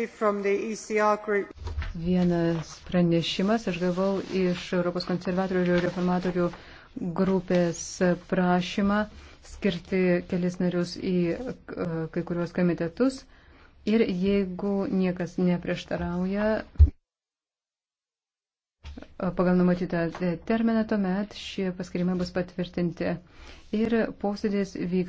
E Vienas pranešimas aš gavau iš Europos konservatorių ir reformatorių grupės prašymą skirti kelis narius į e, kai kuriuos komitetus. Ir jeigu niekas neprieštarauja, e, pagal numatytą terminą tuomet šie paskirimai bus patvirtinti. Ir posėdės vyks.